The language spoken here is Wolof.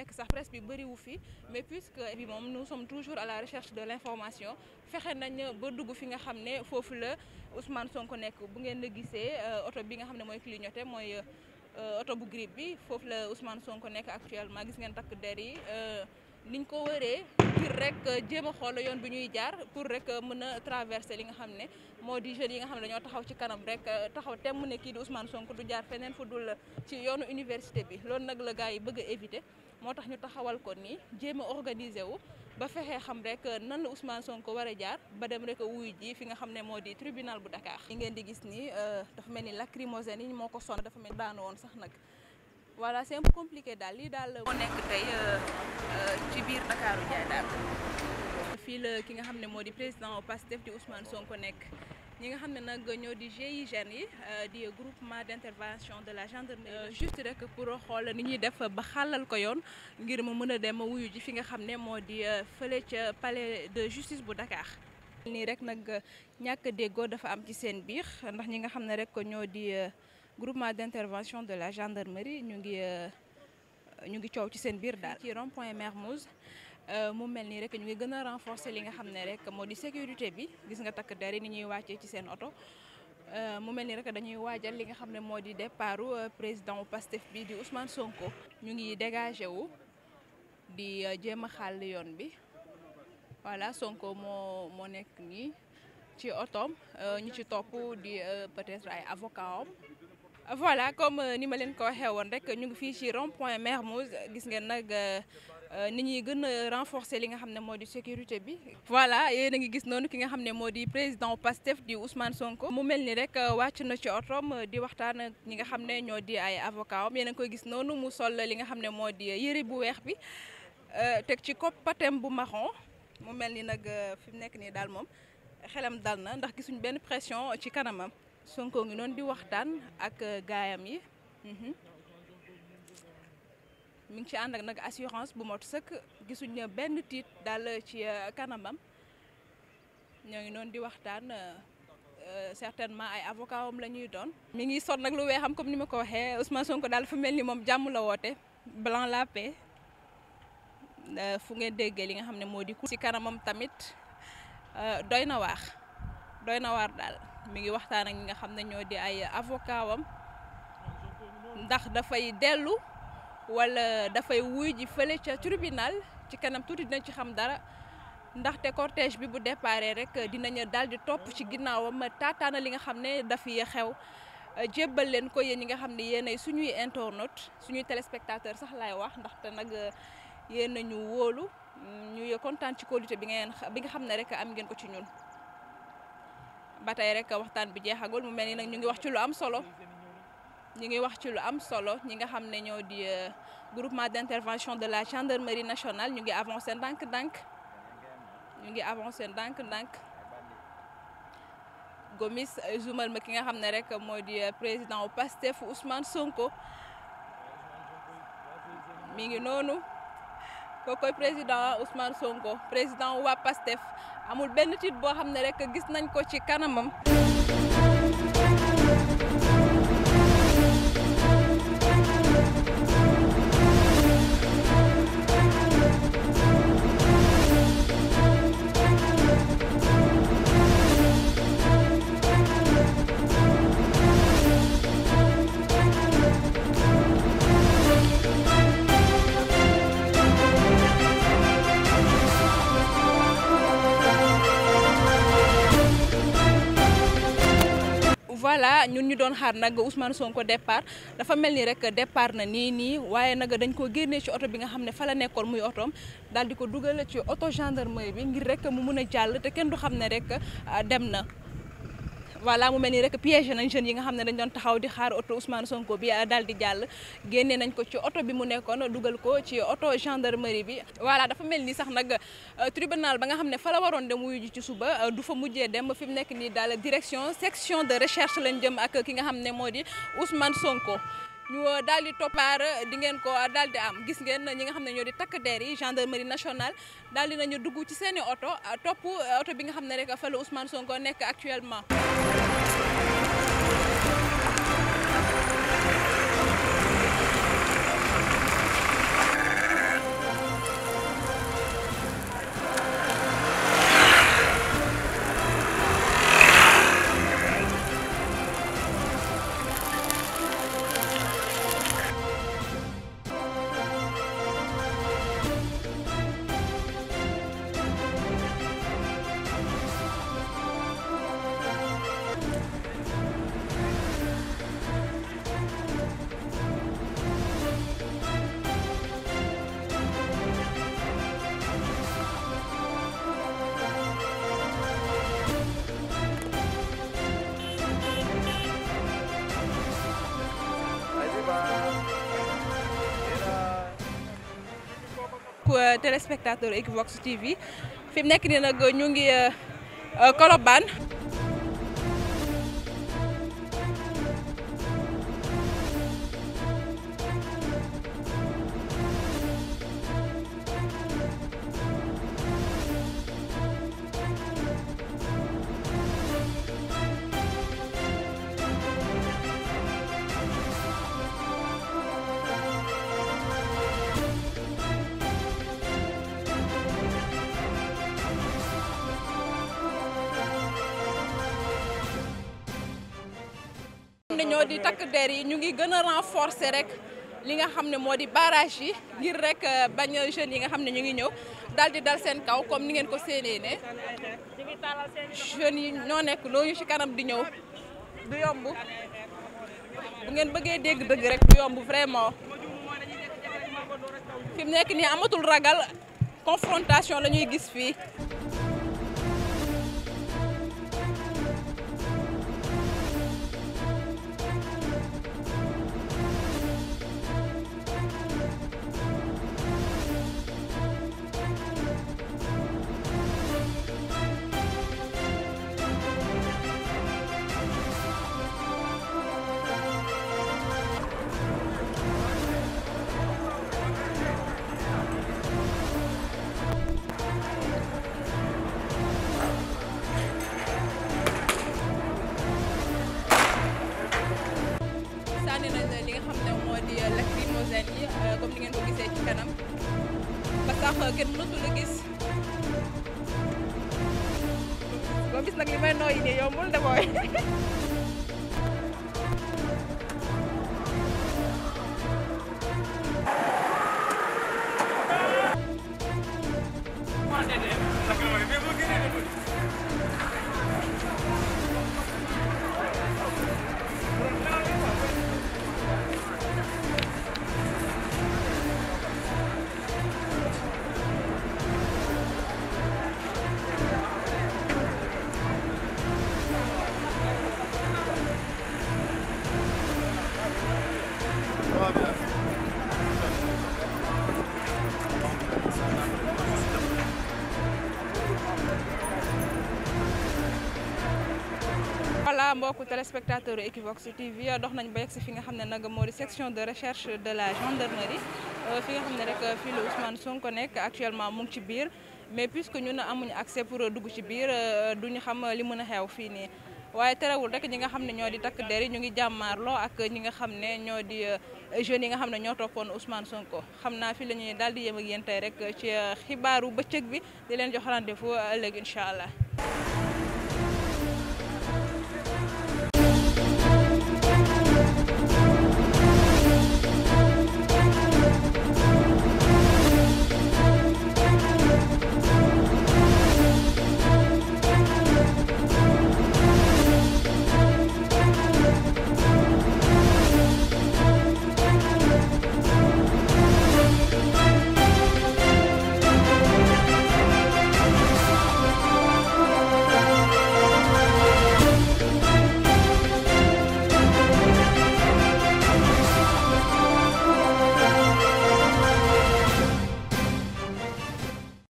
nekk sax presse bi bëriwu fi mais puisque bi moom nous sommes toujours à la recherche de l'information fexe nañ ba dugg fi nga xam ne foofu la Ousmane Sonko nekk bu ngeen la gisee euh, oto bi nga xam ne mooy clignoté mooy euh, oto bu grippe bi foofu la Ousmane ko nekk actuellement gis ngeen takk der yi euh, niñ ko wëree rek euh, jéem a xool yoon bi ñuy jaar pour rek euh, mën a traversé li nga xam ne moo di jeunes yi nga xam ne dañoo taxaw ci kanam rek euh, taxaw temm ne kii di Ousmane sonk du jaar feneen fu dul ci yoonu université bi loolu nag la gars yi bëgg a éviter moo tax ñu taxawal ko nii jéem a organiser wu ba fexe xam rek nan la Ousmane sonk war a jaar ba dem rek wuy ji fi nga xam ne moo di tribunal bu Dakar. yi ngeen di gis nii dafa mel ni lacrymogène yi moo ko sonn dafa mel daanu woon sax nag. voilà c'est un compliqué daal lii daal la. moo nekk tey euh, euh, ci biir Ndakaaru Ndiaye daal. fii la ki nga xam ne moo di président au PASTEF di Ousmane Sonko nekk ñi nga xam ne nag ñoo di GIGN yi euh, di groupement d'intervention de la gendarmerie. juste rek pour xool ni ñuy def ba xàllal ko yoon ngir mu mën a dem wuyu ji fi nga xam ne moo di fële ca palais de justice bu dakaar nii rek nag ñàkk déggoo dafa am ci seen biir ndax ñi nga xam ne rek ñoo di. groupement d'intervention de la gendarmerie ñu ngi euh, ñu ngi coow ci seen biir daal. ci rond point Mermoz euh, mu mel nii rek ñu ngi gën a renforcer li nga xam ne rek moo di sécurité bi gis nga takk der yi ni ñuy wàccee ci seen oto euh, mu mel nii rek dañuy waajal li nga xam ne moo di départu président Pastef bi di Ousmane Sonko. ñu ngi dégagé wu di jéem a xàll yoon bi voilà Sonko moo moo nekk nii ci otoom ñu ci topp di peut-être ay avocat am voilà comme euh, ni ma leen ko waxee woon rek ñu ngi fii ci rond point Mermoz gis ngeen nag euh, euh, ni ñuy gën renforcer li nga xam ne moo di sécurité bi. voilà yéen ngi gis noonu ki nga xam ne moo di président PASTEF di Ousmane Sonko. mu mel ni rek wàcc na ci otoom di waxtaan ak ñi nga xam ne ñoo di ay avocat am yéen nga koy gis noonu mu sol li nga xam ne moo di yëre bu weex bi teg ci koppatem bu marron mu mel ni nag fi mu nekk nii daal moom xelam dal na ndax gisuñ benn pression ci kanamam. Sonko ngi noonu di waxtaan ak euh, gaayam yi mu mhm. ngi ci ànd ak nag assurance bu mot sëkk gisuñ ne benn tiit daal ci euh, kanamam ñoo ngi noonu di waxtaan euh, certainement ay avocat am la ñuy doon. mi ngi son nag lu weexam comme ni ma ko waxee Ousmane Sonko daal fu mel ni moom jàmm la woote blanc la fu ngeen déggee li nga xam ne moo di. ci kanamam tamit doy na waax doy na waar daal. mi ngi waxtaan ak ñi nga xam ne ñoo di ay avocat wam ndax dafay dellu wala dafay wuy ji fële ca tribunal ci kanam tuuti dina ci xam dara ndaxte cortége bi bu déparé rek dinañu daal di topp ci ginnaawam taataana li nga xam ne dafiy xew jébbal leen ko yéen ñi nga xam ne yéenay suñuy internautes suñuy téléspectateur sax laay wax ndaxte nag yéen ñu wóolu ñu kontaan ci qualité bi ngeen bi nga xam ne rek am ngeen ko ci ñun. ba tey rek waxtaan bi jeexagul mu mel ni nag ñu ngi wax ci lu am solo ñu ngi wax ci lu am solo ñi nga xam ne ñoo di euh, groupement d'intervention de la gendarmerie nationale ñu ngi avancé ndànk-ndànk ñu ngi avancé ndànk-ndànk Gomis euh, Zoumal ma ki nga xam ne rek moo di euh, président u Pastef Ousmane Sonko mi ngi noonu kookoy président Ousmane Sonko président waa PASTEF amul benn tiit boo xam ne rek gis nañ ko ci kanamam. doon xaar nag Ousmane Sonko départ dafa mel ni rek départ na nii nii waaye nag dañ ko génnee ci oto bi nga xam ne fa la nekkoon muy otoom daal di ko dugal ci oto gendarmerie bi ngir rek mu mun a jàll te kenn du xam ne rek ah, dem na. voilà mu mel nii rek piégé nañ jeunes yi nga xam ne dañ doon taxaw di xaar oto Ousmane Sonko bi euh, daal di jàll génne nañ ko ci oto bi mu nekkoon dugal ko ci oto gendarmerie bi voilà dafa mel ni sax nag euh, tribunal ba nga xam ne fa waroon dem wuyu ji ci suba euh, du fa mujjee dem fi mu nekk nii daal direction section de recherche lañ jëm ak ki nga xam ne moo di Ousmane Sonko ñu euh, daal di toppaar euh, di ngeen ko euh, daal di am gis ngeen ñi nga xam ne ñoo di takk deer yi gendarmerie nationale daal di nañu dugg ci seeni oto topp oto bi nga xam ne rek fa la Ousmane Sonko nekk actuellement. téléspectateur Equivox TV fi mu nekk nii nag ñu ngi euh, Colobane ne ñoo di takk der yi ñu ngi gën a renforcer rek li nga xam ne moo di barrage yi ngir rek euh, bañ jeunes yi nga xam ne ñu ngi ñëw daal di dal seen kaw comme ni ngeen ko séenee ne jeunes yi ñoo nekk loo ñu ci kanam di ñëw bu yomb bu ngeen bëggee dégg dëgg rek du yomb vraiment fi nekk nii amatul ragal confrontation la ñuy gis fii ndax kenn mënatul a gis boo gis nag li may nooyi nii yombul de booy voilà mbokku téléspectateur Equivox TV dox nañ ba yegg fi nga xam ne nag moo di section de recherche de la gendarmerie euh, fi nga xam ne rek fii la Ousmane Sonko nekk actuellement mu ngi ci biir mais puisque ñun amuñu accès pour dugg ci biir euh, du ñu xam li mën a xew fii nii waaye terewul rek ñi nga xam ne ñoo di takk der yi ñu ngi jàmmaarloo ak ñi nga xam ne ñoo di euh, jeunes yi nga xam ne ñoo toppoon Ousmane Sonko xam naa fi la ñuy daal di yem ak yéen tey rek ci xibaaru bëccëg bi di leen jox rendez-vous allah.